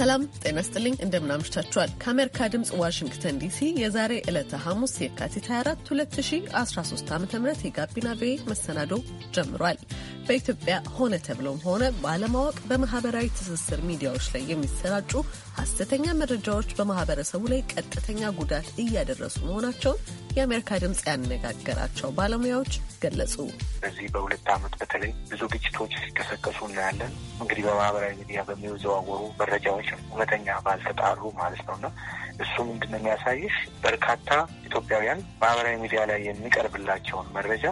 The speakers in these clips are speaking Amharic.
ሰላም ጤና ስጥልኝ፣ እንደምናምሽታችኋል። ከአሜሪካ ድምፅ ዋሽንግተን ዲሲ የዛሬ ዕለተ ሐሙስ የካቲት 24 2013 ዓ ም የጋቢና ቪኦኤ መሰናዶ ጀምሯል። በኢትዮጵያ ሆነ ተብሎም ሆነ ባለማወቅ በማህበራዊ ትስስር ሚዲያዎች ላይ የሚሰራጩ ሀሰተኛ መረጃዎች በማህበረሰቡ ላይ ቀጥተኛ ጉዳት እያደረሱ መሆናቸውን የአሜሪካ ድምፅ ያነጋገራቸው ባለሙያዎች ገለጹ። በዚህ በሁለት ዓመት በተለይ ብዙ ግጭቶች ሲቀሰቀሱ እናያለን። እንግዲህ በማህበራዊ ሚዲያ በሚዘዋወሩ መረጃዎች እውነተኛ ባልተጣሩ ማለት ነው እና እሱ ምንድን ነው የሚያሳይሽ በርካታ ኢትዮጵያውያን ማህበራዊ ሚዲያ ላይ የሚቀርብላቸውን መረጃ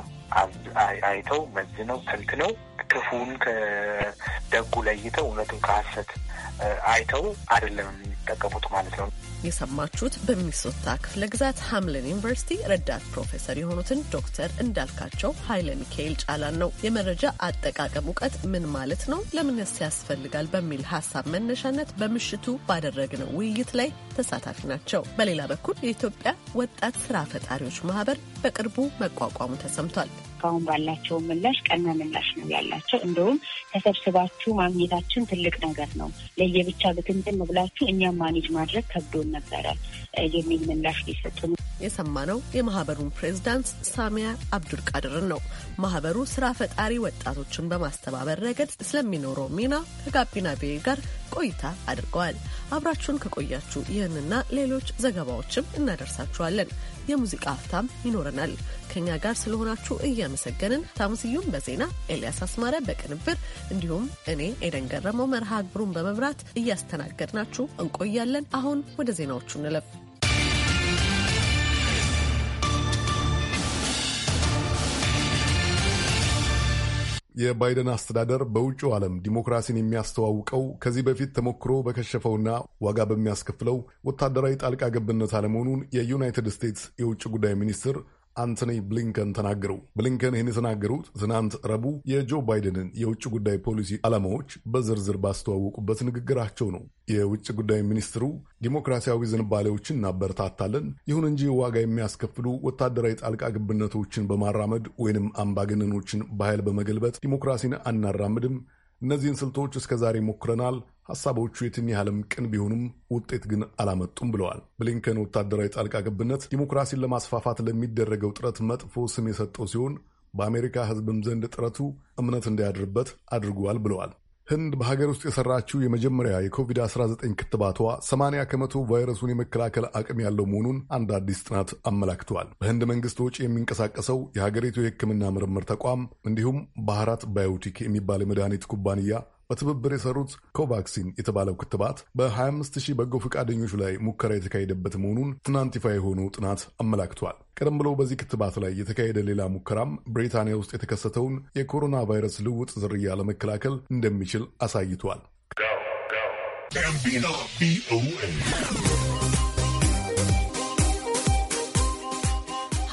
አይተው መዝነው ተንትነው ክፉን ከደጉ ለይተው እውነቱን ከሀሰት አይተው አይደለም የሚጠቀሙት ማለት ነው። የሰማችሁት በሚኒሶታ ክፍለ ግዛት ሃምሊን ዩኒቨርሲቲ ረዳት ፕሮፌሰር የሆኑትን ዶክተር እንዳልካቸው ኃይለ ሚካኤል ጫላን ነው። የመረጃ አጠቃቀም እውቀት ምን ማለት ነው፣ ለምንስ ያስፈልጋል በሚል ሀሳብ መነሻነት በምሽቱ ባደረግነው ውይይት ላይ ተሳታፊ ናቸው። በሌላ በኩል የኢትዮጵያ ወጣት ስራ ፈጣሪዎች ማህበር በቅርቡ መቋቋሙ ተሰምቷል። እስካሁን ባላቸው ምላሽ ቀና ምላሽ ነው ያላቸው። እንደውም ተሰብስባችሁ ማግኘታችን ትልቅ ነገር ነው፣ ለየብቻ ብትንትን ብላችሁ እኛም ማኔጅ ማድረግ ከብዶን ነበረ የሚል ምላሽ ሊሰጡ ነው። የሰማነው የማህበሩን ፕሬዝዳንት ሳሚያ አብዱልቃድርን ነው። ማህበሩ ስራ ፈጣሪ ወጣቶችን በማስተባበር ረገድ ስለሚኖረው ሚና ከጋቢና ቤ ጋር ቆይታ አድርገዋል። አብራችሁን ከቆያችሁ ይህንና ሌሎች ዘገባዎችም እናደርሳችኋለን። የሙዚቃ ሀብታም ይኖረናል። ከኛ ጋር ስለሆናችሁ እያመሰገንን ታሙስዩም በዜና ኤልያስ አስማረ በቅንብር እንዲሁም እኔ ኤደን ገረመው መርሃ ግብሩን በመብራት እያስተናገድናችሁ እንቆያለን። አሁን ወደ ዜናዎቹ እንለፍ። የባይደን አስተዳደር በውጭው ዓለም ዲሞክራሲን የሚያስተዋውቀው ከዚህ በፊት ተሞክሮ በከሸፈውና ዋጋ በሚያስከፍለው ወታደራዊ ጣልቃ ገብነት አለመሆኑን የዩናይትድ ስቴትስ የውጭ ጉዳይ ሚኒስትር አንቶኒ ብሊንከን ተናገሩ። ብሊንከን ይህን የተናገሩት ትናንት ረቡዕ የጆ ባይደንን የውጭ ጉዳይ ፖሊሲ ዓላማዎች በዝርዝር ባስተዋወቁበት ንግግራቸው ነው። የውጭ ጉዳይ ሚኒስትሩ ዲሞክራሲያዊ ዝንባሌዎችን እናበረታታለን፣ ይሁን እንጂ ዋጋ የሚያስከፍሉ ወታደራዊ ጣልቃ ግብነቶችን በማራመድ ወይንም አምባገነኖችን በኃይል በመገልበጥ ዲሞክራሲን አናራምድም እነዚህን ስልቶች እስከ ዛሬ ሞክረናል። ሀሳቦቹ የትን ያህልም ቅን ቢሆኑም ውጤት ግን አላመጡም ብለዋል። ብሊንከን ወታደራዊ ጣልቃ ገብነት ዲሞክራሲን ለማስፋፋት ለሚደረገው ጥረት መጥፎ ስም የሰጠው ሲሆን በአሜሪካ ሕዝብም ዘንድ ጥረቱ እምነት እንዳያድርበት አድርጓል ብለዋል። ህንድ በሀገር ውስጥ የሰራችው የመጀመሪያ የኮቪድ-19 ክትባቷ 80 ከመቶ ቫይረሱን የመከላከል አቅም ያለው መሆኑን አንድ አዲስ ጥናት አመላክተዋል። በህንድ መንግስት ወጪ የሚንቀሳቀሰው የሀገሪቱ የህክምና ምርምር ተቋም እንዲሁም ባህራት ባዮቲክ የሚባል የመድኃኒት ኩባንያ በትብብር የሰሩት ኮቫክሲን የተባለው ክትባት በ25 ሺህ በጎ ፈቃደኞች ላይ ሙከራ የተካሄደበት መሆኑን ትናንት ይፋ የሆነው ጥናት አመላክቷል። ቀደም ብሎ በዚህ ክትባት ላይ የተካሄደ ሌላ ሙከራም ብሪታንያ ውስጥ የተከሰተውን የኮሮና ቫይረስ ልውጥ ዝርያ ለመከላከል እንደሚችል አሳይቷል።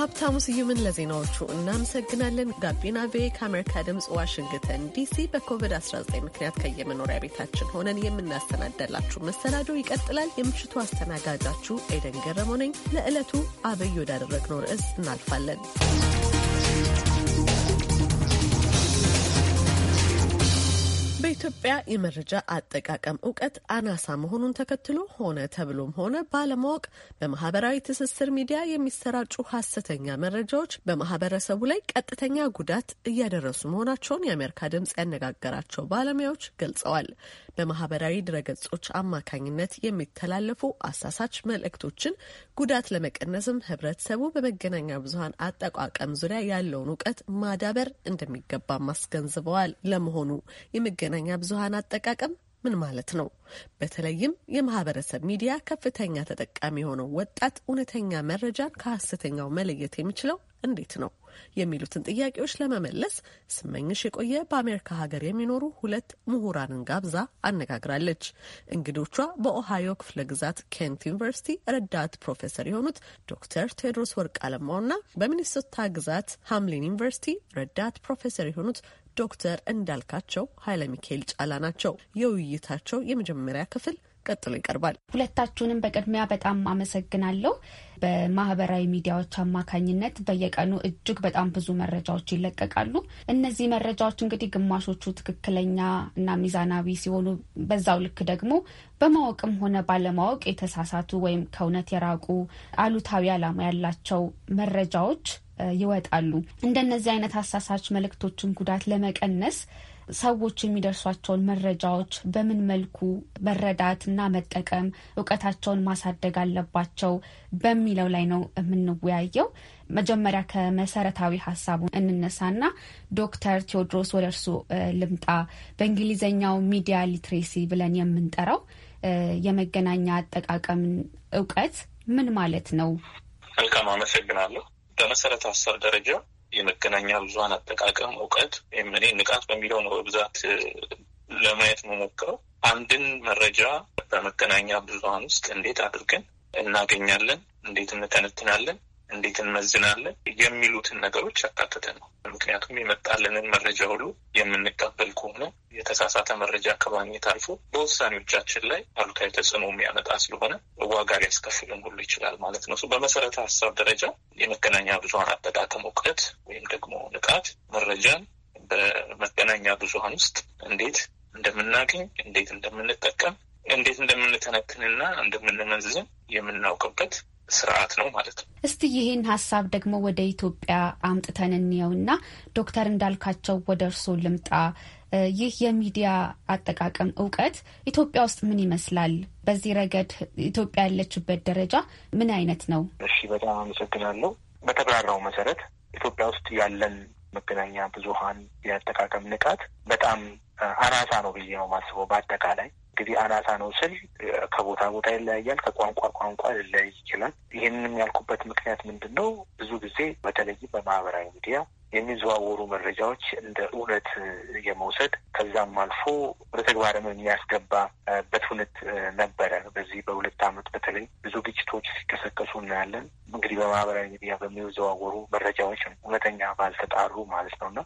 ሀብታሙ ስዩምን ለዜናዎቹ እናመሰግናለን። ጋቢና ቤ ከአሜሪካ ድምፅ ዋሽንግተን ዲሲ በኮቪድ-19 ምክንያት ከየመኖሪያ ቤታችን ሆነን የምናስተናደላችሁ መሰናዶ ይቀጥላል። የምሽቱ አስተናጋጃችሁ ኤደን ገረመነኝ ለዕለቱ አብይ ወዳደረግነው ርዕስ እናልፋለን። የኢትዮጵያ የመረጃ አጠቃቀም እውቀት አናሳ መሆኑን ተከትሎ ሆነ ተብሎም ሆነ ባለማወቅ በማህበራዊ ትስስር ሚዲያ የሚሰራጩ ሀሰተኛ መረጃዎች በማህበረሰቡ ላይ ቀጥተኛ ጉዳት እያደረሱ መሆናቸውን የአሜሪካ ድምጽ ያነጋገራቸው ባለሙያዎች ገልጸዋል። በማህበራዊ ድረገጾች አማካኝነት የሚተላለፉ አሳሳች መልእክቶችን ጉዳት ለመቀነስም ህብረተሰቡ በመገናኛ ብዙሀን አጠቃቀም ዙሪያ ያለውን እውቀት ማዳበር እንደሚገባም አስገንዝበዋል። ለመሆኑ የመገናኛ መገናኛ ብዙሀን አጠቃቀም ምን ማለት ነው? በተለይም የማህበረሰብ ሚዲያ ከፍተኛ ተጠቃሚ የሆነው ወጣት እውነተኛ መረጃን ከሀሰተኛው መለየት የሚችለው እንዴት ነው? የሚሉትን ጥያቄዎች ለመመለስ ስመኝሽ የቆየ በአሜሪካ ሀገር የሚኖሩ ሁለት ምሁራንን ጋብዛ አነጋግራለች። እንግዶቿ በኦሃዮ ክፍለ ግዛት ኬንት ዩኒቨርሲቲ ረዳት ፕሮፌሰር የሆኑት ዶክተር ቴዎድሮስ ወርቅ አለማውና በሚኒሶታ ግዛት ሃምሊን ዩኒቨርሲቲ ረዳት ፕሮፌሰር የሆኑት ዶክተር እንዳልካቸው ኃይለ ሚካኤል ጫላ ናቸው። የውይይታቸው የመጀመሪያ ክፍል ቀጥሎ ይቀርባል። ሁለታችሁንም በቅድሚያ በጣም አመሰግናለሁ። በማህበራዊ ሚዲያዎች አማካኝነት በየቀኑ እጅግ በጣም ብዙ መረጃዎች ይለቀቃሉ። እነዚህ መረጃዎች እንግዲህ ግማሾቹ ትክክለኛ እና ሚዛናዊ ሲሆኑ፣ በዛው ልክ ደግሞ በማወቅም ሆነ ባለማወቅ የተሳሳቱ ወይም ከእውነት የራቁ አሉታዊ ዓላማ ያላቸው መረጃዎች ይወጣሉ። እንደነዚህ አይነት አሳሳች መልእክቶችን ጉዳት ለመቀነስ ሰዎች የሚደርሷቸውን መረጃዎች በምን መልኩ መረዳት እና መጠቀም እውቀታቸውን ማሳደግ አለባቸው በሚለው ላይ ነው የምንወያየው። መጀመሪያ ከመሰረታዊ ሀሳቡ እንነሳና ዶክተር ቴዎድሮስ ወደ እርሱ ልምጣ። በእንግሊዝኛው ሚዲያ ሊትሬሲ ብለን የምንጠራው የመገናኛ አጠቃቀምን እውቀት ምን ማለት ነው? መልካም አመሰግናለሁ። በመሰረተ ሀሳብ ደረጃ የመገናኛ ብዙሀን አጠቃቀም እውቀት ወይም እኔ ንቃት በሚለው ነው በብዛት ለማየት መሞክረው። አንድን መረጃ በመገናኛ ብዙሀን ውስጥ እንዴት አድርገን እናገኛለን፣ እንዴት እንተነትናለን፣ እንዴት እንመዝናለን የሚሉትን ነገሮች ያካተተ ነው። ምክንያቱም የመጣልንን መረጃ ሁሉ የምንቀበል ከሆነ የተሳሳተ መረጃ ከማግኘት አልፎ በውሳኔዎቻችን ላይ አሉታዊ ተጽዕኖ የሚያመጣ ስለሆነ ዋጋ ሊያስከፍልን ሁሉ ይችላል ማለት ነው። በመሰረተ ሀሳብ ደረጃ የመገናኛ ብዙሀን አጠቃቀም እውቀት ወይም ደግሞ ንቃት መረጃን በመገናኛ ብዙሀን ውስጥ እንዴት እንደምናገኝ፣ እንዴት እንደምንጠቀም፣ እንዴት እንደምንተነትንና እንደምንመዝን የምናውቅበት ስርዓት ነው ማለት ነው። እስቲ ይህን ሀሳብ ደግሞ ወደ ኢትዮጵያ አምጥተን እንየውና ዶክተር እንዳልካቸው ወደ እርስዎ ልምጣ። ይህ የሚዲያ አጠቃቀም እውቀት ኢትዮጵያ ውስጥ ምን ይመስላል? በዚህ ረገድ ኢትዮጵያ ያለችበት ደረጃ ምን አይነት ነው? እሺ፣ በጣም አመሰግናለሁ። በተብራራው መሰረት ኢትዮጵያ ውስጥ ያለን መገናኛ ብዙሀን የአጠቃቀም ንቃት በጣም አናሳ ነው ብዬ ነው ማስበው በአጠቃላይ ጊዜ አናሳ ነው ስል ከቦታ ቦታ ይለያያል፣ ከቋንቋ ቋንቋ ሊለያይ ይችላል። ይህንንም ያልኩበት ምክንያት ምንድን ነው? ብዙ ጊዜ በተለይም በማህበራዊ ሚዲያ የሚዘዋወሩ መረጃዎች እንደ እውነት የመውሰድ ከዛም አልፎ ወደ ተግባርም የሚያስገባበት ሁነት ነበረ። በዚህ በሁለት ዓመት በተለይ ብዙ ግጭቶች ሲቀሰቀሱ እናያለን። እንግዲህ በማህበራዊ ሚዲያ በሚዘዋወሩ መረጃዎች እውነተኛ ባልተጣሩ ማለት ነው እና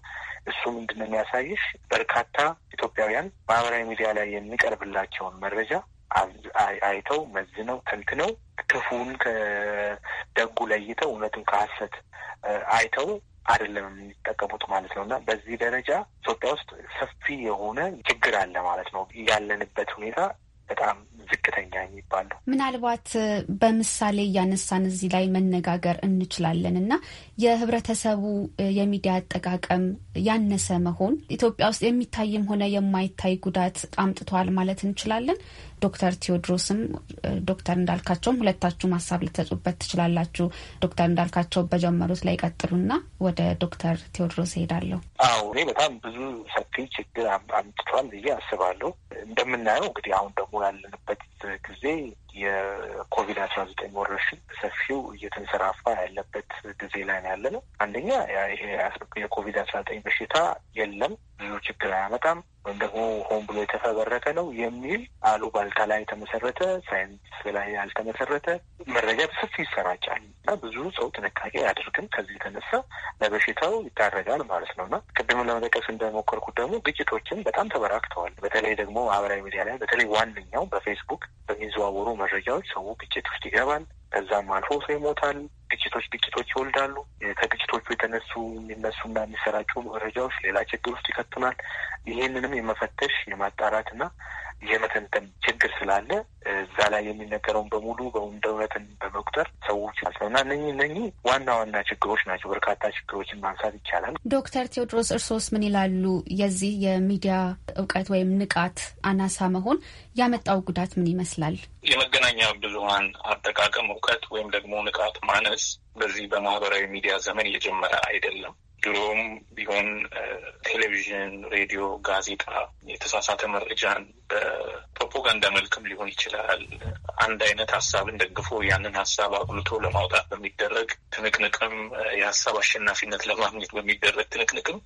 እሱ ምንድነው የሚያሳይሽ በርካታ ኢትዮጵያውያን ማህበራዊ ሚዲያ ላይ የሚቀርብላቸውን መረጃ አይተው መዝነው ተንትነው ክፉን ከደጉ ለይተው እውነቱን ከሀሰት አይተው አይደለም የሚጠቀሙት ማለት ነው። እና በዚህ ደረጃ ኢትዮጵያ ውስጥ ሰፊ የሆነ ችግር አለ ማለት ነው። ያለንበት ሁኔታ በጣም ዝቅተኛ የሚባል ነው። ምናልባት በምሳሌ እያነሳን እዚህ ላይ መነጋገር እንችላለን እና የህብረተሰቡ የሚዲያ አጠቃቀም ያነሰ መሆን ኢትዮጵያ ውስጥ የሚታይም ሆነ የማይታይ ጉዳት አምጥቷል ማለት እንችላለን። ዶክተር ቴዎድሮስም ዶክተር እንዳልካቸውም ሁለታችሁም ሀሳብ ልትሰጡበት ትችላላችሁ። ዶክተር እንዳልካቸው በጀመሩት ላይ ቀጥሉና ወደ ዶክተር ቴዎድሮስ እሄዳለሁ። አዎ እኔ በጣም ብዙ ሰፊ ችግር አምጥቷል ብዬ አስባለሁ። እንደምናየው እንግዲህ አሁን ደግሞ ያለንበት ጊዜ የኮቪድ አስራ ዘጠኝ ወረርሽኝ ሰፊው እየተንሰራፋ ያለበት ጊዜ ላይ ነው ያለ ነው። አንደኛ ይሄ የኮቪድ አስራ ዘጠኝ በሽታ የለም ብዙ ችግር አያመጣም ወይም ደግሞ ሆን ብሎ የተፈበረከ ነው የሚል አሉባልታ ላይ የተመሰረተ ሳይንስ ላይ ያልተመሰረተ መረጃ በሰፊ ይሰራጫል እና ብዙ ሰው ጥንቃቄ አድርግም ከዚህ የተነሳ ለበሽታው ይታረጋል ማለት ነው እና ቅድም ለመጠቀስ እንደሞከርኩት ደግሞ ግጭቶችን በጣም ተበራክተዋል። በተለይ ደግሞ ማህበራዊ ሚዲያ ላይ በተለይ ዋነኛው በፌስቡክ በሚዘዋወሩ መረጃዎች ሰው ግጭት ውስጥ ይገባል። ከዛም አልፎ ሰው ይሞታል። ግጭቶች ግጭቶች ይወልዳሉ። ከግጭቶቹ የተነሱ የሚነሱና የሚሰራጩ መረጃዎች ሌላ ችግር ውስጥ ይከትናል። ይህንንም የመፈተሽ የማጣራትና የመተንተን ችግር ስላለ እዛ ላይ የሚነገረውን በሙሉ እንደ በመቁጠር ሰዎች ማለት እነኚህ እነኚህ ዋና ዋና ችግሮች ናቸው። በርካታ ችግሮችን ማንሳት ይቻላል። ዶክተር ቴዎድሮስ እርሶስ ምን ይላሉ? የዚህ የሚዲያ እውቀት ወይም ንቃት አናሳ መሆን ያመጣው ጉዳት ምን ይመስላል? የመገናኛ ብዙሀን አጠቃቀም እውቀት ወይም ደግሞ ንቃት ማነስ በዚህ በማህበራዊ ሚዲያ ዘመን እየጀመረ አይደለም። ድሮም ቢሆን ቴሌቪዥን፣ ሬዲዮ፣ ጋዜጣ የተሳሳተ መረጃን በፕሮፓጋንዳ መልክም ሊሆን ይችላል። አንድ አይነት ሀሳብን ደግፎ ያንን ሀሳብ አጉልቶ ለማውጣት በሚደረግ ትንቅንቅም የሀሳብ አሸናፊነት ለማግኘት በሚደረግ ትንቅንቅም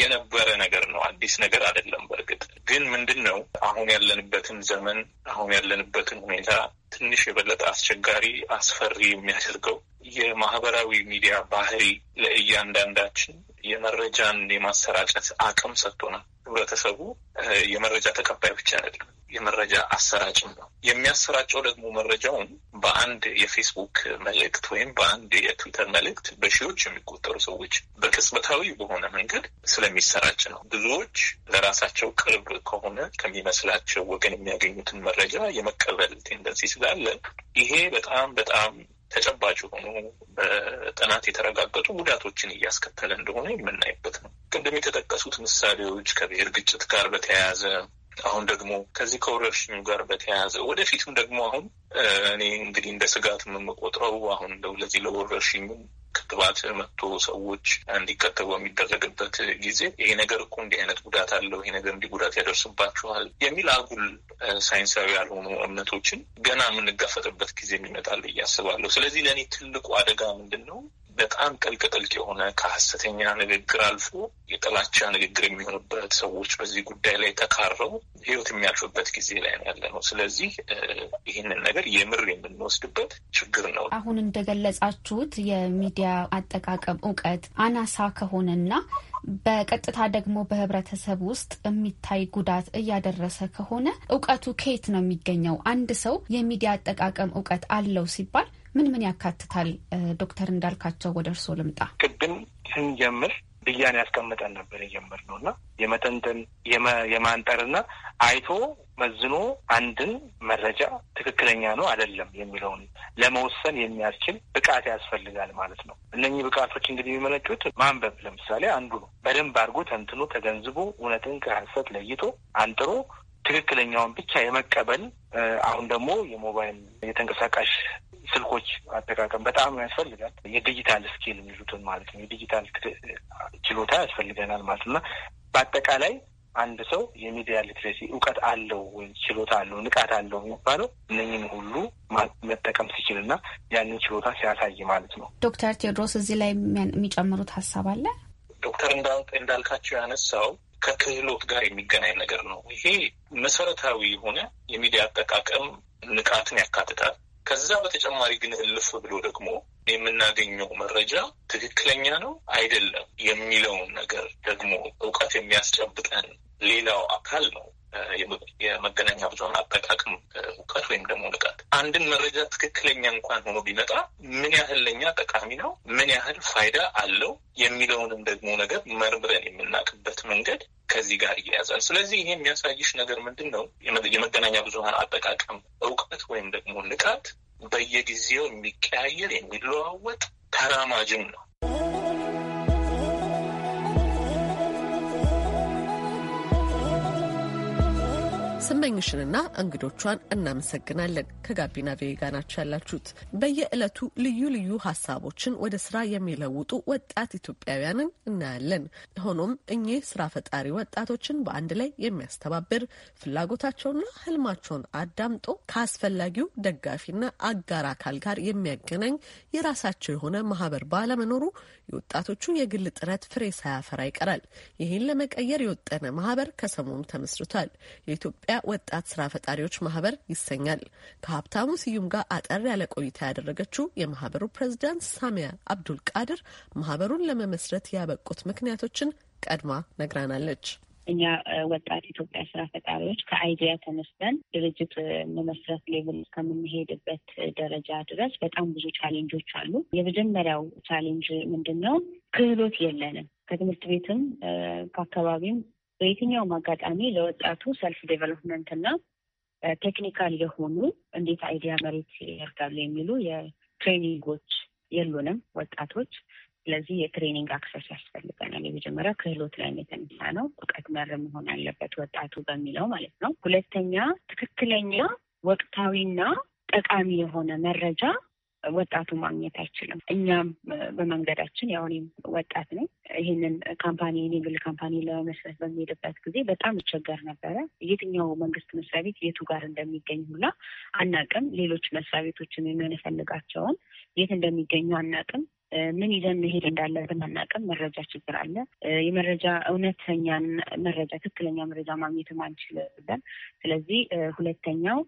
የነበረ ነገር ነው። አዲስ ነገር አይደለም። በእርግጥ ግን ምንድን ነው አሁን ያለንበትን ዘመን አሁን ያለንበትን ሁኔታ ትንሽ የበለጠ አስቸጋሪ፣ አስፈሪ የሚያደርገው የማህበራዊ ሚዲያ ባህሪ ለእያንዳንዳችን የመረጃን የማሰራጨት አቅም ሰጥቶናል። ህብረተሰቡ የመረጃ ተቀባይ ብቻ አይደለም፣ የመረጃ አሰራጭም ነው። የሚያሰራጨው ደግሞ መረጃውን በአንድ የፌስቡክ መልእክት ወይም በአንድ የትዊተር መልእክት በሺዎች የሚቆጠሩ ሰዎች በቅጽበታዊ በሆነ መንገድ ስለሚሰራጭ ነው። ብዙዎች ለራሳቸው ቅርብ ከሆነ ከሚመስላቸው ወገን የሚያገኙትን መረጃ የመቀበል ቴንደንሲ ስላለ ይሄ በጣም በጣም ተጨባጭ የሆኑ በጥናት የተረጋገጡ ጉዳቶችን እያስከተለ እንደሆነ የምናይበት ነው። ቅድም የተጠቀሱት ምሳሌዎች ከብሔር ግጭት ጋር በተያያዘ አሁን ደግሞ ከዚህ ከወረርሽኙ ጋር በተያያዘ ወደፊትም ደግሞ አሁን እኔ እንግዲህ እንደ ስጋት የምቆጥረው አሁን እንደው ለዚህ ለወረርሽኙ ክትባት መጥቶ ሰዎች እንዲከተቡ የሚደረግበት ጊዜ ይሄ ነገር እኮ እንዲህ አይነት ጉዳት አለው፣ ይሄ ነገር እንዲህ ጉዳት ያደርስባችኋል የሚል አጉል ሳይንሳዊ ያልሆኑ እምነቶችን ገና የምንጋፈጥበት ጊዜ ይመጣል ብዬ አስባለሁ። ስለዚህ ለእኔ ትልቁ አደጋ ምንድን ነው? በጣም ጥልቅ ጥልቅ የሆነ ከሀሰተኛ ንግግር አልፎ የጥላቻ ንግግር የሚሆንበት ሰዎች በዚህ ጉዳይ ላይ ተካረው ህይወት የሚያልፍበት ጊዜ ላይ ነው ያለ ነው። ስለዚህ ይህንን ነገር የምር የምንወስድበት ችግር ነው። አሁን እንደገለጻችሁት የሚዲያ አጠቃቀም እውቀት አናሳ ከሆነና በቀጥታ ደግሞ በህብረተሰብ ውስጥ የሚታይ ጉዳት እያደረሰ ከሆነ እውቀቱ ከየት ነው የሚገኘው? አንድ ሰው የሚዲያ አጠቃቀም እውቀት አለው ሲባል ምን ምን ያካትታል? ዶክተር እንዳልካቸው ወደ እርስዎ ልምጣ። ቅድም ስንጀምር ብያን ያስቀምጠን ነበር ነው እና የመተንተን የማንጠርና አይቶ መዝኖ አንድን መረጃ ትክክለኛ ነው አይደለም የሚለውን ለመወሰን የሚያስችል ብቃት ያስፈልጋል ማለት ነው። እነኚህ ብቃቶች እንግዲህ የሚመነጩት ማንበብ ለምሳሌ አንዱ ነው። በደንብ አድርጎ ተንትኖ ተገንዝቦ እውነትን ከሐሰት ለይቶ አንጥሮ ትክክለኛውን ብቻ የመቀበል አሁን ደግሞ የሞባይል የተንቀሳቃሽ ስልኮች አጠቃቀም በጣም ያስፈልጋል። የዲጂታል ስኪል የሚሉትን ማለት ነው። የዲጂታል ችሎታ ያስፈልገናል ማለት እና በአጠቃላይ አንድ ሰው የሚዲያ ሊትሬሲ እውቀት አለው ወይም ችሎታ አለው ንቃት አለው የሚባለው እነኝን ሁሉ መጠቀም ሲችል እና ያንን ችሎታ ሲያሳይ ማለት ነው። ዶክተር ቴዎድሮስ እዚህ ላይ የሚጨምሩት ሀሳብ አለ? ዶክተር እንዳልካቸው ያነሳው ከክህሎት ጋር የሚገናኝ ነገር ነው። ይሄ መሰረታዊ የሆነ የሚዲያ አጠቃቀም ንቃትን ያካትታል። ከዛ በተጨማሪ ግን እልፍ ብሎ ደግሞ የምናገኘው መረጃ ትክክለኛ ነው አይደለም የሚለውን ነገር ደግሞ እውቀት የሚያስጨብጠን ሌላው አካል ነው የመገናኛ ብዙሃን አጠቃቀም እውቀት ወይም ደግሞ ንቃት አንድን መረጃ ትክክለኛ እንኳን ሆኖ ቢመጣ ምን ያህል ለኛ ጠቃሚ ነው፣ ምን ያህል ፋይዳ አለው የሚለውንም ደግሞ ነገር መርምረን የምናውቅበት መንገድ ከዚህ ጋር እያያዛል። ስለዚህ ይሄ የሚያሳይሽ ነገር ምንድን ነው? የመገናኛ ብዙሃን አጠቃቀም እውቀት ወይም ደግሞ ንቃት በየጊዜው የሚቀያየር የሚለዋወጥ ተራማጅም ነው። ስመኝሽንና እንግዶቿን እናመሰግናለን። ከጋቢና ቬጋ ናቸው ያላችሁት። በየዕለቱ ልዩ ልዩ ሀሳቦችን ወደ ስራ የሚለውጡ ወጣት ኢትዮጵያውያንን እናያለን። ሆኖም እኚህ ስራ ፈጣሪ ወጣቶችን በአንድ ላይ የሚያስተባብር ፍላጎታቸውና ህልማቸውን አዳምጦ ከአስፈላጊው ደጋፊና አጋር አካል ጋር የሚያገናኝ የራሳቸው የሆነ ማህበር ባለመኖሩ የወጣቶቹ የግል ጥረት ፍሬ ሳያፈራ ይቀራል። ይህን ለመቀየር የወጠነ ማህበር ከሰሞኑ ተመስርቷል። የኢትዮጵያ የኢትዮጵያ ወጣት ስራ ፈጣሪዎች ማህበር ይሰኛል። ከሀብታሙ ስዩም ጋር አጠር ያለ ቆይታ ያደረገችው የማህበሩ ፕሬዚዳንት ሳሚያ አብዱል ቃድር ማህበሩን ለመመስረት ያበቁት ምክንያቶችን ቀድማ ነግራናለች። እኛ ወጣት ኢትዮጵያ ስራ ፈጣሪዎች ከአይዲያ ተነስተን ድርጅት መመስረት ሌቭል እስከምንሄድበት ደረጃ ድረስ በጣም ብዙ ቻሌንጆች አሉ። የመጀመሪያው ቻሌንጅ ምንድን ነው? ክህሎት የለንም። ከትምህርት ቤትም ከአካባቢም በየትኛውም አጋጣሚ ለወጣቱ ሰልፍ ዴቨሎፕመንት እና ቴክኒካል የሆኑ እንዴት አይዲያ መሬት ያርጋሉ የሚሉ የትሬኒንጎች የሉንም ወጣቶች። ስለዚህ የትሬኒንግ አክሰስ ያስፈልገናል። የመጀመሪያ ክህሎት ላይ የተነሳ ነው፣ እውቀት መር መሆን አለበት ወጣቱ በሚለው ማለት ነው። ሁለተኛ ትክክለኛ ወቅታዊና ጠቃሚ የሆነ መረጃ ወጣቱ ማግኘት አይችልም። እኛም በመንገዳችን ያው እኔም ወጣት ነኝ። ይህንን ካምፓኒ የግል ካምፓኒ ለመስረት በሚሄድበት ጊዜ በጣም ይቸገር ነበረ። የትኛው መንግስት መስሪያ ቤት የቱ ጋር እንደሚገኝ ሁላ አናቅም። ሌሎች መስሪያ ቤቶችን የምንፈልጋቸውን የት እንደሚገኙ አናቅም። ምን ይዘን መሄድ እንዳለብን አናውቅም። መረጃ ችግር አለ። የመረጃ እውነተኛን መረጃ ትክክለኛ መረጃ ማግኘትም አንችልም። ስለዚህ ሁለተኛው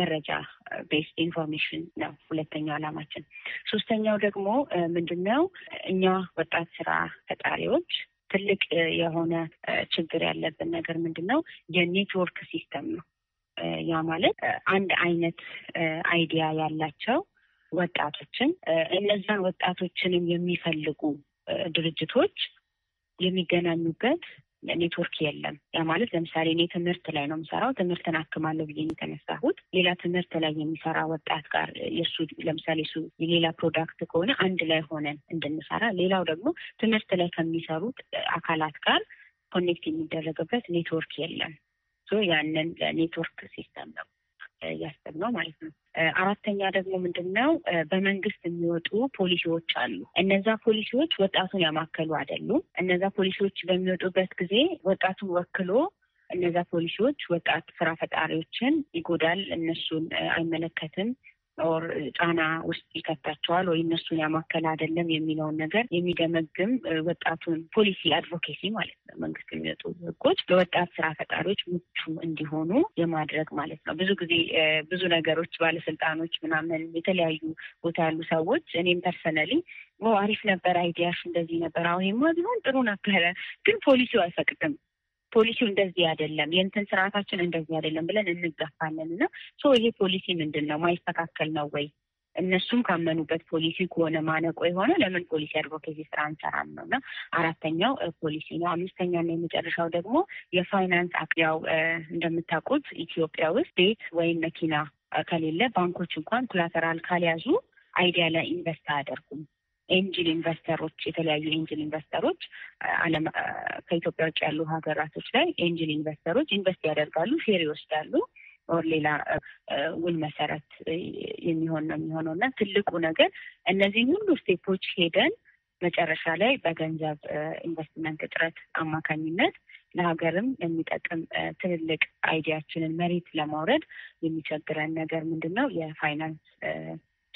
መረጃ ቤስ ኢንፎርሜሽን ነው ሁለተኛው አላማችን። ሶስተኛው ደግሞ ምንድን ነው እኛ ወጣት ስራ ፈጣሪዎች ትልቅ የሆነ ችግር ያለብን ነገር ምንድን ነው የኔትወርክ ሲስተም ነው። ያ ማለት አንድ አይነት አይዲያ ያላቸው ወጣቶችን እነዛን ወጣቶችንም የሚፈልጉ ድርጅቶች የሚገናኙበት ኔትወርክ የለም። ያ ማለት ለምሳሌ እኔ ትምህርት ላይ ነው የምሰራው፣ ትምህርትን አክማለሁ ብዬ የተነሳሁት ሌላ ትምህርት ላይ የሚሰራ ወጣት ጋር የእሱ ለምሳሌ እሱ የሌላ ፕሮዳክት ከሆነ አንድ ላይ ሆነን እንድንሰራ፣ ሌላው ደግሞ ትምህርት ላይ ከሚሰሩት አካላት ጋር ኮኔክት የሚደረግበት ኔትወርክ የለም። ያንን ኔትወርክ ሲስተም ነው እያሰብን ነው ማለት ነው። አራተኛ ደግሞ ምንድን ነው በመንግስት የሚወጡ ፖሊሲዎች አሉ። እነዛ ፖሊሲዎች ወጣቱን ያማከሉ አይደሉም። እነዛ ፖሊሲዎች በሚወጡበት ጊዜ ወጣቱን ወክሎ እነዛ ፖሊሲዎች ወጣት ስራ ፈጣሪዎችን ይጎዳል፣ እነሱን አይመለከትም ኦር ጫና ውስጥ ይከታቸዋል ወይ እነሱን ያማከል አይደለም የሚለውን ነገር የሚገመግም ወጣቱን ፖሊሲ አድቮኬሲ ማለት ነው። መንግስት የሚወጡ ህጎች ለወጣት ስራ ፈጣሪዎች ምቹ እንዲሆኑ የማድረግ ማለት ነው። ብዙ ጊዜ ብዙ ነገሮች ባለስልጣኖች ምናምን የተለያዩ ቦታ ያሉ ሰዎች እኔም ፐርሰነሊ አሪፍ ነበር አይዲያሽ እንደዚህ ነበር አሁን ማ ቢሆን ጥሩ ነበረ፣ ግን ፖሊሲው አይፈቅድም ፖሊሲው እንደዚህ አይደለም፣ የእንትን ስርዓታችን እንደዚህ አይደለም ብለን እንጋፋለን እና ሰው ይሄ ፖሊሲ ምንድን ነው ማይስተካከል ነው ወይ? እነሱም ካመኑበት ፖሊሲ ከሆነ ማነቆ የሆነ ለምን ፖሊሲ አድቮኬሲ ስራ እንሰራን ነው እና አራተኛው ፖሊሲ ነው። አምስተኛና የመጨረሻው ደግሞ የፋይናንስ አቅያው እንደምታውቁት ኢትዮጵያ ውስጥ ቤት ወይም መኪና ከሌለ ባንኮች እንኳን ኩላተራል ካልያዙ አይዲያ ላይ ኢንቨስት አያደርጉም። ኤንጅል ኢንቨስተሮች የተለያዩ ኤንጅል ኢንቨስተሮች ዓለም ከኢትዮጵያ ውጭ ያሉ ሀገራቶች ላይ ኤንጅል ኢንቨስተሮች ኢንቨስት ያደርጋሉ፣ ሼር ይወስዳሉ ኦር ሌላ ውል መሰረት የሚሆን ነው የሚሆነው እና ትልቁ ነገር እነዚህን ሁሉ ስቴፖች ሄደን መጨረሻ ላይ በገንዘብ ኢንቨስትመንት እጥረት አማካኝነት ለሀገርም የሚጠቅም ትልልቅ አይዲያችንን መሬት ለማውረድ የሚቸግረን ነገር ምንድን ነው? የፋይናንስ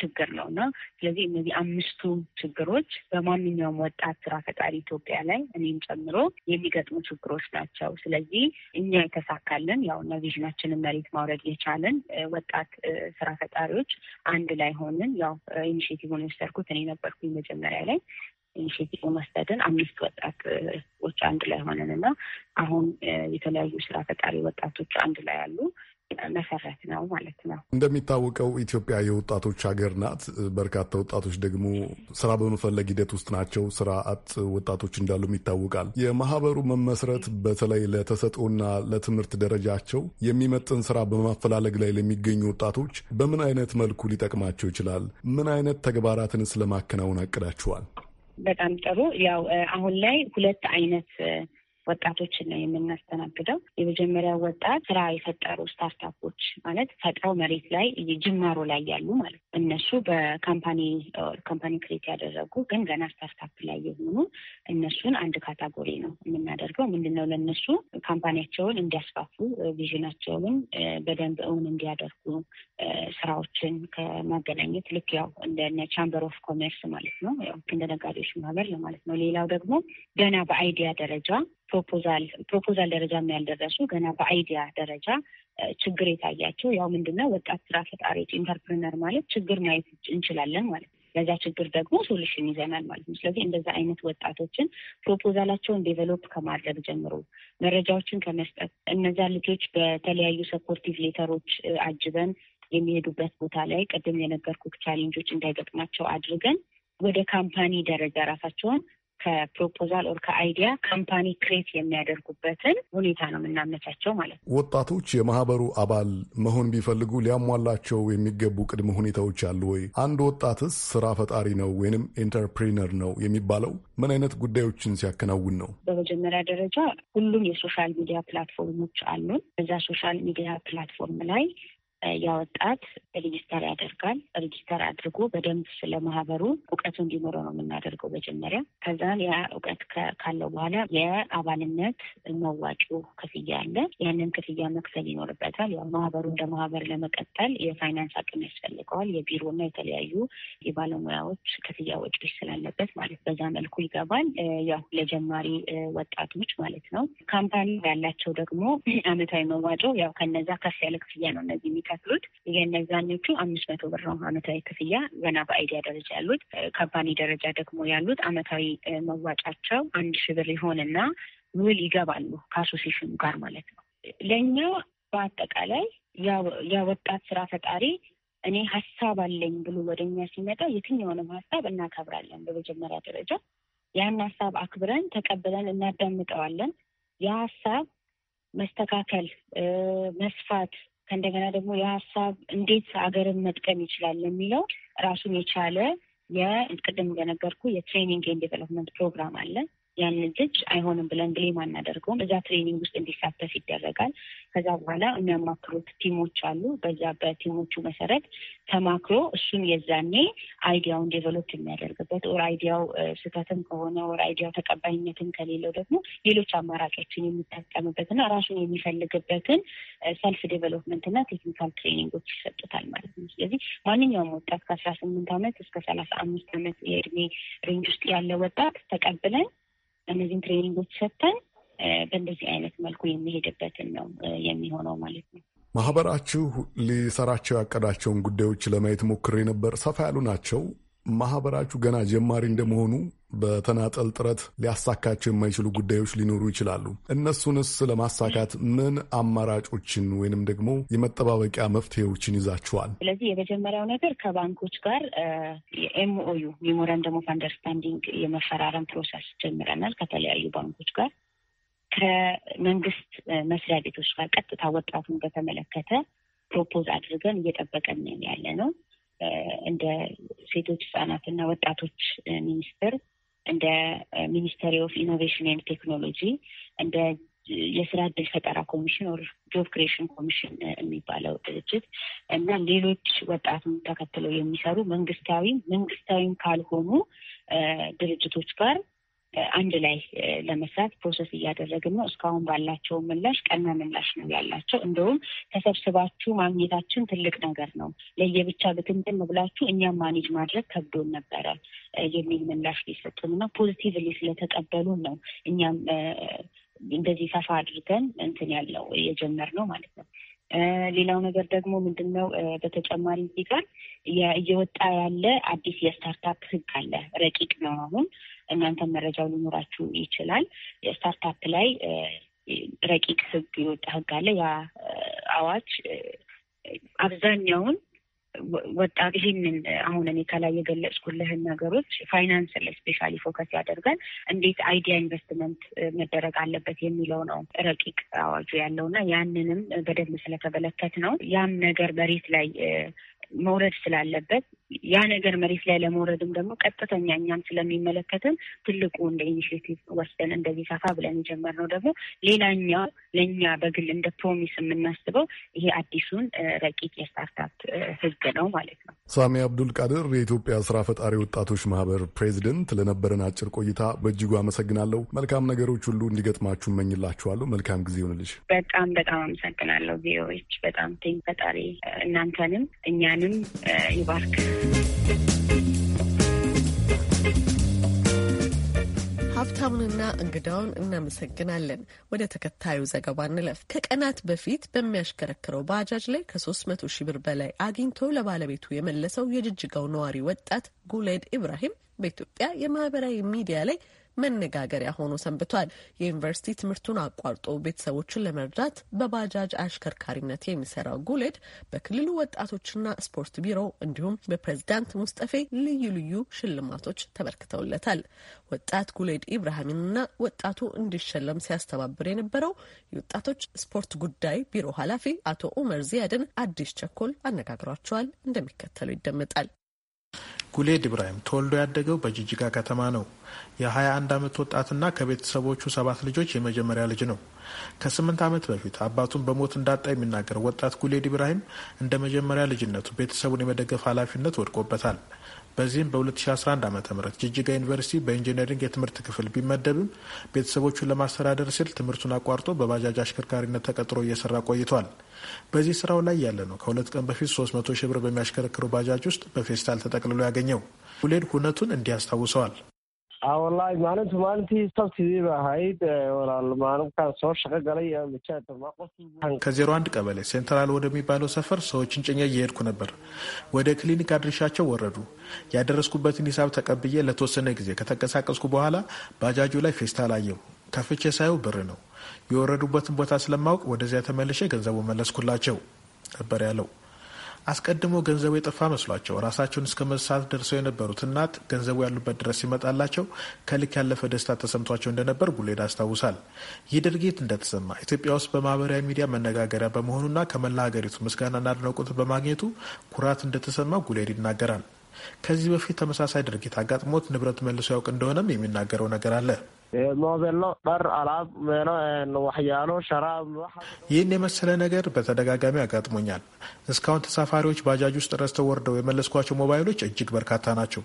ችግር ነው እና ስለዚህ እነዚህ አምስቱ ችግሮች በማንኛውም ወጣት ስራ ፈጣሪ ኢትዮጵያ ላይ እኔም ጨምሮ የሚገጥሙ ችግሮች ናቸው። ስለዚህ እኛ የተሳካልን ያው እና ቪዥናችንን መሬት ማውረድ የቻለን ወጣት ስራ ፈጣሪዎች አንድ ላይ ሆንን። ያው ኢኒሽቲቭን የወሰድኩት እኔ ነበርኩኝ መጀመሪያ ላይ ኢኒሽቲቭ መስጠትን አምስት ወጣቶች አንድ ላይ ሆነን እና አሁን የተለያዩ ስራ ፈጣሪ ወጣቶች አንድ ላይ አሉ። መሰረት ነው ማለት ነው። እንደሚታወቀው ኢትዮጵያ የወጣቶች ሀገር ናት። በርካታ ወጣቶች ደግሞ ስራ በመፈለግ ሂደት ውስጥ ናቸው። ስራ አጥ ወጣቶች እንዳሉም ይታወቃል። የማህበሩ መመስረት በተለይ ለተሰጥኦና ለትምህርት ደረጃቸው የሚመጥን ስራ በማፈላለግ ላይ ለሚገኙ ወጣቶች በምን አይነት መልኩ ሊጠቅማቸው ይችላል? ምን አይነት ተግባራትንስ ለማከናወን አቅዳችኋል? በጣም ጥሩ። ያው አሁን ላይ ሁለት አይነት ወጣቶችን ነው የምናስተናግደው። የመጀመሪያው ወጣት ስራ የፈጠሩ ስታርታፖች ማለት ፈጥረው መሬት ላይ ጅማሮ ላይ ያሉ ማለት ነው። እነሱ በካምፓኒ ካምፓኒ ክሬት ያደረጉ ግን ገና ስታርታፕ ላይ የሆኑ እነሱን አንድ ካታጎሪ ነው የምናደርገው። ምንድነው ለእነሱ ካምፓኒያቸውን እንዲያስፋፉ ቪዥናቸውን በደንብ እውን እንዲያደርጉ ስራዎችን ከማገናኘት ልክ ያው እንደ ቻምበር ኦፍ ኮሜርስ ማለት ነው እንደ ነጋዴዎች ማህበር ለማለት ነው። ሌላው ደግሞ ገና በአይዲያ ደረጃ ፕሮፖዛል ፕሮፖዛል ደረጃ ያልደረሱ ገና በአይዲያ ደረጃ ችግር የታያቸው ያው ምንድነው ወጣት ስራ ፈጣሪዎች ኢንተርፕሪነር ማለት ችግር ማየት እንችላለን ማለት ነው። ለዛ ችግር ደግሞ ሶሉሽን ይዘናል ማለት ነው። ስለዚህ እንደዛ አይነት ወጣቶችን ፕሮፖዛላቸውን ዴቨሎፕ ከማድረግ ጀምሮ መረጃዎችን ከመስጠት እነዛ ልጆች በተለያዩ ሰፖርቲቭ ሌተሮች አጅበን የሚሄዱበት ቦታ ላይ ቅድም የነገርኩት ቻሌንጆች እንዳይገጥማቸው አድርገን ወደ ካምፓኒ ደረጃ ራሳቸውን ከፕሮፖዛል ኦር ከአይዲያ ካምፓኒ ክሬት የሚያደርጉበትን ሁኔታ ነው የምናመቻቸው ማለት ነው። ወጣቶች የማህበሩ አባል መሆን ቢፈልጉ ሊያሟላቸው የሚገቡ ቅድመ ሁኔታዎች አሉ ወይ? አንድ ወጣትስ ስራ ፈጣሪ ነው ወይንም ኢንተርፕሪነር ነው የሚባለው ምን አይነት ጉዳዮችን ሲያከናውን ነው? በመጀመሪያ ደረጃ ሁሉም የሶሻል ሚዲያ ፕላትፎርሞች አሉን። በዛ ሶሻል ሚዲያ ፕላትፎርም ላይ ያ ወጣት ያደርጋል። ሬጅስተር አድርጎ በደንብ ስለ ማህበሩ እውቀቱ እንዲኖረው ነው የምናደርገው መጀመሪያ። ከዛ ያ እውቀት ካለው በኋላ የአባልነት መዋጮ ክፍያ አለ። ያንን ክፍያ መክፈል ይኖርበታል። ያው ማህበሩ እንደ ማህበር ለመቀጠል የፋይናንስ አቅም ያስፈልገዋል። የቢሮና የተለያዩ የባለሙያዎች ክፍያ ወጪዎች ስላለበት ማለት በዛ መልኩ ይገባል። ያው ለጀማሪ ወጣቶች ማለት ነው። ካምፓኒ ያላቸው ደግሞ አመታዊ መዋጮ ያው ከነዛ ከፍ ያለ ክፍያ ነው እነዚህ የሚከፍሉት የነዛኞቹ አምስት መቶ ብር ነው አመታዊ ክፍያ ገና በአይዲያ ደረጃ ያሉት። ካምፓኒ ደረጃ ደግሞ ያሉት አመታዊ መዋጫቸው አንድ ሺ ብር ይሆንና ውል ይገባሉ ከአሶሴሽኑ ጋር ማለት ነው። ለእኛ በአጠቃላይ ያወጣት ስራ ፈጣሪ እኔ ሀሳብ አለኝ ብሎ ወደኛ ሲመጣ የትኛውንም ሀሳብ እናከብራለን። በመጀመሪያ ደረጃ ያን ሀሳብ አክብረን ተቀብለን እናዳምጠዋለን። ያ ሀሳብ መስተካከል፣ መስፋት ከእንደገና ደግሞ የሀሳብ እንዴት ሀገርን መጥቀም ይችላል የሚለው ራሱን የቻለ የቅድም እንደነገርኩ የትሬኒንግ ኤንድ ዴቨሎፕመንት ፕሮግራም አለ። ያን ልጅ አይሆንም ብለን ብሌም አናደርገውም። እዛ ትሬኒንግ ውስጥ እንዲሳተፍ ይደረጋል። ከዛ በኋላ የሚያማክሩት ቲሞች አሉ። በዛ በቲሞቹ መሰረት ተማክሮ እሱም የዛኔ አይዲያውን ዴቨሎፕ የሚያደርግበት ኦር አይዲያው ስህተትም ከሆነ ኦር አይዲያው ተቀባይነትም ከሌለው ደግሞ ሌሎች አማራጮችን የሚጠቀምበትና ራሱን የሚፈልግበትን ሰልፍ ዴቨሎፕመንትና ቴክኒካል ትሬኒንጎች ይሰጡታል ማለት ነው። ስለዚህ ማንኛውም ወጣት ከአስራ ስምንት ዓመት እስከ ሰላሳ አምስት ዓመት የእድሜ ሬንጅ ውስጥ ያለ ወጣት ተቀብለን እነዚህን ትሬኒንጎች ሰጥተን በእንደዚህ አይነት መልኩ የሚሄድበትን ነው የሚሆነው ማለት ነው። ማህበራችሁ ሊሰራቸው ያቀዳቸውን ጉዳዮች ለማየት ሞክሬ ነበር። ሰፋ ያሉ ናቸው። ማህበራችሁ ገና ጀማሪ እንደመሆኑ በተናጠል ጥረት ሊያሳካቸው የማይችሉ ጉዳዮች ሊኖሩ ይችላሉ። እነሱንስ ለማሳካት ምን አማራጮችን ወይንም ደግሞ የመጠባበቂያ መፍትሄዎችን ይዛችኋል? ስለዚህ የመጀመሪያው ነገር ከባንኮች ጋር የኤምኦዩ ሜሞራንደም ኦፍ አንደርስታንዲንግ የመፈራረም ፕሮሰስ ጀምረናል ከተለያዩ ባንኮች ጋር ከመንግስት መስሪያ ቤቶች ጋር ቀጥታ ወጣቱን በተመለከተ ፕሮፖዝ አድርገን እየጠበቀን ያለ ነው። እንደ ሴቶች ህጻናትና ወጣቶች ሚኒስትር እንደ ሚኒስተሪ ኦፍ ኢኖቬሽን ኤንድ ቴክኖሎጂ እንደ የስራ እድል ፈጠራ ኮሚሽን ኦር ጆብ ክሬሽን ኮሚሽን የሚባለው ድርጅት እና ሌሎች ወጣቱን ተከትለው የሚሰሩ መንግስታዊም መንግስታዊም ካልሆኑ ድርጅቶች ጋር አንድ ላይ ለመስራት ፕሮሰስ እያደረግን ነው። እስካሁን ባላቸው ምላሽ ቀና ምላሽ ነው ያላቸው። እንደውም ተሰብስባችሁ ማግኘታችን ትልቅ ነገር ነው፣ ለየብቻ ብትንትን ብላችሁ እኛም ማኔጅ ማድረግ ከብዶን ነበረ የሚል ምላሽ ሊሰጡን እና ፖዚቲቭሊ ስለተቀበሉ ነው እኛም እንደዚህ ሰፋ አድርገን እንትን ያለው የጀመርነው ማለት ነው። ሌላው ነገር ደግሞ ምንድን ነው፣ በተጨማሪ እዚህ ጋር እየወጣ ያለ አዲስ የስታርታፕ ህግ አለ። ረቂቅ ነው አሁን እናንተ መረጃው ሊኖራችሁ ይችላል። ስታርታፕ ላይ ረቂቅ ህግ የወጣ ህግ አለ። ያ አዋጅ አብዛኛውን ወጣ ይህንን አሁን እኔ ከላይ የገለጽኩልህን ነገሮች ፋይናንስ ላይ ስፔሻሊ ፎከስ ያደርጋል። እንዴት አይዲያ ኢንቨስትመንት መደረግ አለበት የሚለው ነው ረቂቅ አዋጁ ያለውና ያንንም በደንብ ስለተመለከት ነው ያም ነገር መሬት ላይ መውረድ ስላለበት ያ ነገር መሬት ላይ ለመውረድም ደግሞ ቀጥተኛ እኛም ስለሚመለከተን ትልቁ እንደ ኢኒሽቲቭ ወስደን እንደዚህ ሰፋ ብለን የጀመርነው ደግሞ ሌላኛው ለእኛ በግል እንደ ፕሮሚስ የምናስበው ይሄ አዲሱን ረቂቅ የስታርታፕ ህግ ነው ማለት ነው። ሳሚ አብዱል ቃድር የኢትዮጵያ ስራ ፈጣሪ ወጣቶች ማህበር ፕሬዚደንት፣ ለነበረን አጭር ቆይታ በእጅጉ አመሰግናለሁ። መልካም ነገሮች ሁሉ እንዲገጥማችሁ እመኝላችኋለሁ። መልካም ጊዜ ይሆንልሽ። በጣም በጣም አመሰግናለሁ። ቪዎች በጣም ቴኝ ፈጣሪ እናንተንም እኛን ኢትዮጵያንም ይባርክ። ሀብታሙንና እንግዳውን እናመሰግናለን። ወደ ተከታዩ ዘገባ እንለፍ። ከቀናት በፊት በሚያሽከረክረው ባጃጅ ላይ ከ300 ሺህ ብር በላይ አግኝቶ ለባለቤቱ የመለሰው የጅጅጋው ነዋሪ ወጣት ጉሌድ ኢብራሂም በኢትዮጵያ የማህበራዊ ሚዲያ ላይ መነጋገሪያ ሆኖ ሰንብቷል። የዩኒቨርሲቲ ትምህርቱን አቋርጦ ቤተሰቦችን ለመርዳት በባጃጅ አሽከርካሪነት የሚሰራው ጉሌድ በክልሉ ወጣቶችና ስፖርት ቢሮ እንዲሁም በፕሬዚዳንት ሙስጠፌ ልዩ ልዩ ሽልማቶች ተበርክተውለታል። ወጣት ጉሌድ ኢብራሂምንና ወጣቱ እንዲሸለም ሲያስተባብር የነበረው የወጣቶች ስፖርት ጉዳይ ቢሮ ኃላፊ አቶ ኡመር ዚያድን አዲስ ቸኮል አነጋግሯቸዋል። እንደሚከተለው ይደመጣል። ጉሌድ ኢብራሂም ተወልዶ ያደገው በጂጂጋ ከተማ ነው። የ21 ዓመት ወጣትና ከቤተሰቦቹ ሰባት ልጆች የመጀመሪያ ልጅ ነው። ከስምንት ዓመት በፊት አባቱን በሞት እንዳጣ የሚናገረው ወጣት ጉሌድ ኢብራሂም እንደ መጀመሪያ ልጅነቱ ቤተሰቡን የመደገፍ ኃላፊነት ወድቆበታል። በዚህም በ2011 ዓ ም ጅጅጋ ዩኒቨርሲቲ በኢንጂነሪንግ የትምህርት ክፍል ቢመደብም ቤተሰቦቹን ለማስተዳደር ሲል ትምህርቱን አቋርጦ በባጃጅ አሽከርካሪነት ተቀጥሮ እየሰራ ቆይቷል። በዚህ ስራው ላይ ያለ ነው ከሁለት ቀን በፊት 300 ሺህ ብር በሚያሽከረክሩ ባጃጅ ውስጥ በፌስታል ተጠቅልሎ ያገኘው። ሁሌድ ሁነቱን እንዲህ አስታውሰዋል። wallaahi maalinta maalintii sabtidii ahayd walaal maalinkaan soo shaqo galay ከዜሮ አንድ ቀበሌ ሴንትራል ወደሚባለው ሰፈር ሰዎችን ጭኜ እየሄድኩ ነበር። ወደ ክሊኒክ አድርሻቸው ወረዱ። ያደረስኩበትን ሂሳብ ተቀብዬ ለተወሰነ ጊዜ ከተንቀሳቀስኩ በኋላ ባጃጁ ላይ ፌስታል አየሁ። ከፍቼ ሳየው ብር ነው። የወረዱበትን ቦታ ስለማወቅ ወደዚያ ተመልሼ ገንዘቡ መለስኩላቸው ነበር ያለው አስቀድሞ ገንዘቡ የጠፋ መስሏቸው ራሳቸውን እስከ መሳት ደርሰው የነበሩት እናት ገንዘቡ ያሉበት ድረስ ሲመጣላቸው ከልክ ያለፈ ደስታ ተሰምቷቸው እንደነበር ጉሌድ አስታውሳል። ይህ ድርጊት እንደተሰማ ኢትዮጵያ ውስጥ በማህበራዊ ሚዲያ መነጋገሪያ በመሆኑና ከመላ ሀገሪቱ ምስጋናና አድናቆት በማግኘቱ ኩራት እንደተሰማ ጉሌድ ይናገራል። ከዚህ በፊት ተመሳሳይ ድርጊት አጋጥሞት ንብረት መልሶ ያውቅ እንደሆነም የሚናገረው ነገር አለ። ሞቤሎ በር አላብ ሜኖ waxyaalo ሸራብ ይህን የመሰለ ነገር በተደጋጋሚ አጋጥሞኛል። እስካሁን ተሳፋሪዎች ባጃጅ ውስጥ ረስተው ወርደው የመለስኳቸው ሞባይሎች እጅግ በርካታ ናቸው።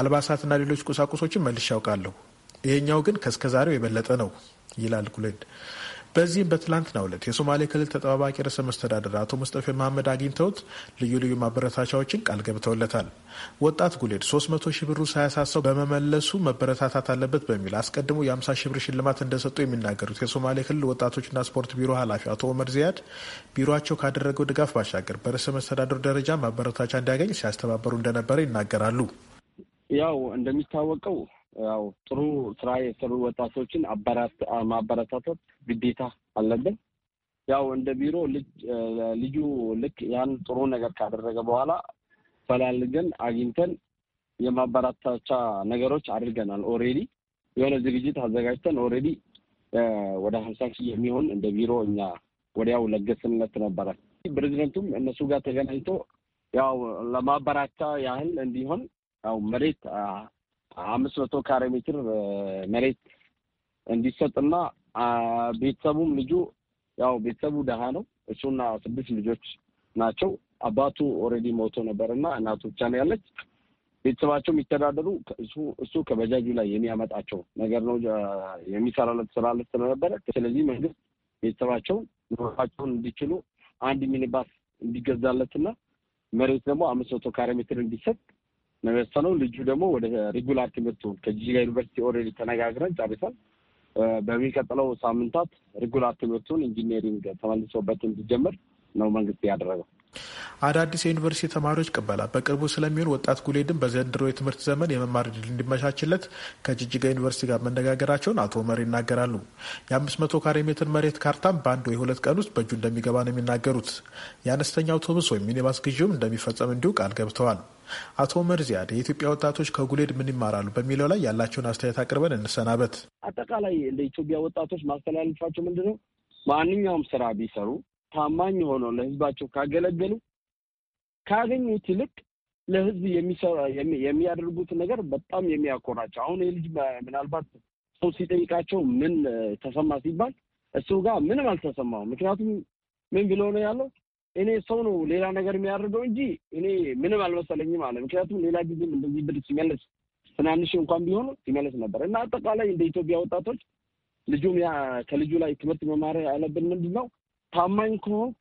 አልባሳትና ሌሎች ቁሳቁሶችን መልሼ ያውቃለሁ። ይሄኛው ግን ከእስከዛሬው የበለጠ ነው ይላል ኩሌድ። በዚህም በትላንትናው ዕለት የሶማሌ ክልል ተጠባባቂ ርዕሰ መስተዳደር አቶ ሙስጠፌ መሀመድ አግኝተውት ልዩ ልዩ ማበረታቻዎችን ቃል ገብተውለታል። ወጣት ጉሌድ 300 ሺህ ብሩ ሳያሳሰው በመመለሱ መበረታታት አለበት በሚል አስቀድሞ የ50 ሺህ ብር ሽልማት እንደሰጡ የሚናገሩት የሶማሌ ክልል ወጣቶችና ስፖርት ቢሮ ኃላፊ አቶ ኦመር ዚያድ ቢሮቸው ካደረገው ድጋፍ ባሻገር በርዕሰ መስተዳደሩ ደረጃ ማበረታቻ እንዲያገኝ ሲያስተባበሩ እንደነበረ ይናገራሉ። ያው እንደሚታወቀው ያው ጥሩ ስራ የሰሩ ወጣቶችን ማበረታታት ግዴታ አለብን። ያው እንደ ቢሮ ልጁ ልክ ያን ጥሩ ነገር ካደረገ በኋላ ፈላልገን አግኝተን የማበረታቻ ነገሮች አድርገናል። ኦሬዲ የሆነ ዝግጅት አዘጋጅተን ኦሬዲ ወደ ሀምሳ ሺህ የሚሆን እንደ ቢሮ እኛ ወዲያው ለገስነት ነበረ። ፕሬዚደንቱም እነሱ ጋር ተገናኝቶ ያው ለማበራቻ ያህል እንዲሆን ያው መሬት አምስት መቶ ካሬ ሜትር መሬት እንዲሰጥና ቤተሰቡም ልጁ ያው ቤተሰቡ ደሃ ነው። እሱና ስድስት ልጆች ናቸው። አባቱ ኦልሬዲ ሞቶ ነበር እና እናቱ ብቻ ነው ያለች። ቤተሰባቸው የሚተዳደሩ እሱ ከበጃጁ ላይ የሚያመጣቸው ነገር ነው የሚሰራለት ስራለት ስለነበረ፣ ስለዚህ መንግስት ቤተሰባቸው ኑሯቸውን እንዲችሉ አንድ ሚኒባስ እንዲገዛለትና መሬት ደግሞ አምስት መቶ ካሬ ሜትር እንዲሰጥ ነው የወሰነው። ልጁ ደግሞ ወደ ሪጉላር ትምህርቱ ከጂጂጋ ዩኒቨርሲቲ ኦልሬዲ ተነጋግረን ጨርሰን በሚቀጥለው ሳምንታት ሪጉላር ትምህርቱን ኢንጂኒሪንግ ተመልሶበት እንዲጀምር ነው መንግስት ያደረገው። አዳዲስ የዩኒቨርሲቲ ተማሪዎች ቅበላ በቅርቡ ስለሚሆን ወጣት ጉሌድን በዘንድሮ የትምህርት ዘመን የመማር ድል እንዲመቻችለት ከጅጅጋ ዩኒቨርሲቲ ጋር መነጋገራቸውን አቶ መር ይናገራሉ። የ የ500 ካሬ ሜትር መሬት ካርታም በአንድ ወይ ሁለት ቀን ውስጥ በእጁ እንደሚገባ ነው የሚናገሩት። የአነስተኛ አውቶቡስ ወይም ሚኒባስ ግዢውም እንደሚፈጸም እንዲሁ ቃል ገብተዋል። አቶ መር ዚያድ የኢትዮጵያ ወጣቶች ከጉሌድ ምን ይማራሉ በሚለው ላይ ያላቸውን አስተያየት አቅርበን እንሰናበት። አጠቃላይ ለኢትዮጵያ ወጣቶች ማስተላለፋቸው ምንድነው ማንኛውም ስራ ቢሰሩ ታማኝ ሆነው ለህዝባቸው ካገለገሉ ካገኙት ይልቅ ለህዝብ የሚያደርጉት ነገር በጣም የሚያኮራቸው። አሁን ይህ ልጅ ምናልባት ሰው ሲጠይቃቸው ምን ተሰማ ሲባል እሱ ጋር ምንም አልተሰማው። ምክንያቱም ምን ብሎ ነው ያለው? እኔ ሰው ነው ሌላ ነገር የሚያደርገው እንጂ እኔ ምንም አልመሰለኝም አለ። ምክንያቱም ሌላ ጊዜም እንደዚህ ብድ ሲመለስ ትናንሽ እንኳን ቢሆኑ ሲመለስ ነበር እና አጠቃላይ እንደ ኢትዮጵያ ወጣቶች ልጁም ያ ከልጁ ላይ ትምህርት መማር ያለብን ምንድን ነው ታማኝ ከሆንክ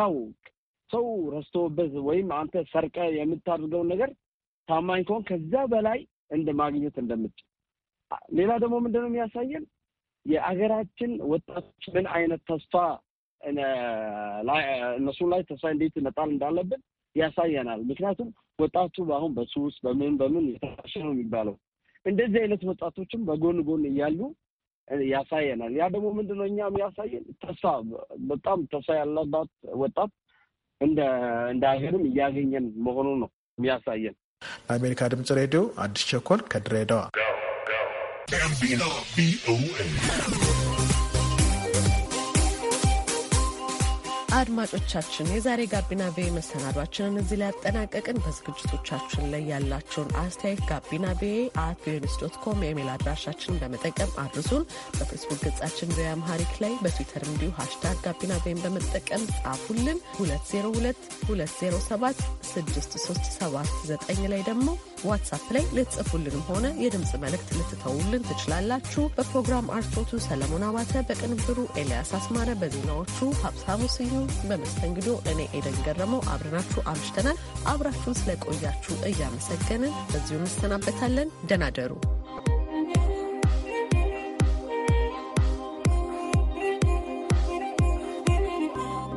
ያው ሰው ረስቶበት ወይም አንተ ሰርቀ የምታደርገውን ነገር ታማኝ ከሆን ከዛ በላይ እንደ ማግኘት እንደምት ሌላ ደግሞ ምንድነው የሚያሳየን የአገራችን ወጣቶች ምን አይነት ተስፋ እነሱ ላይ ተስፋ እንዴት መጣል እንዳለብን ያሳየናል። ምክንያቱም ወጣቱ አሁን በሱስ በምን በምን የተራሸ ነው የሚባለው። እንደዚህ አይነት ወጣቶችም በጎን ጎን እያሉ ያሳየናል። ያ ደግሞ ምንድነው እኛ የሚያሳየን ተስፋ በጣም ተስፋ ያለባት ወጣት እንደ ሀገርም እያገኘን መሆኑን ነው የሚያሳየን። ለአሜሪካ ድምጽ ሬዲዮ አዲስ ቸኮል ከድሬዳዋ። አድማጮቻችን የዛሬ ጋቢና ቪ መሰናዷችንን እዚህ ላይ ያጠናቀቅን። በዝግጅቶቻችን ላይ ያላቸውን አስተያየት ጋቢና ቪ አት ቪኒስ ዶት ኮም የኢሜል አድራሻችንን በመጠቀም አድርሱን። በፌስቡክ ገጻችን ቪ አምሃሪክ ላይ በትዊተር እንዲሁ ሃሽታግ ጋቢና ቪን በመጠቀም ጻፉልን። 202207 6379 ላይ ደግሞ ዋትሳፕ ላይ ልትጽፉልንም ሆነ የድምፅ መልእክት ልትተውልን ትችላላችሁ። በፕሮግራም አርቶቱ ሰለሞን አባተ፣ በቅንብሩ ኤልያስ አስማረ፣ በዜናዎቹ ሀብሳሙ ስዩም፣ በመስተንግዶ እኔ ኤደን ገረመው አብረናችሁ አምሽተናል። አብራችሁን ስለቆያችሁ እያመሰገንን በዚሁ እንሰናበታለን። ደናደሩ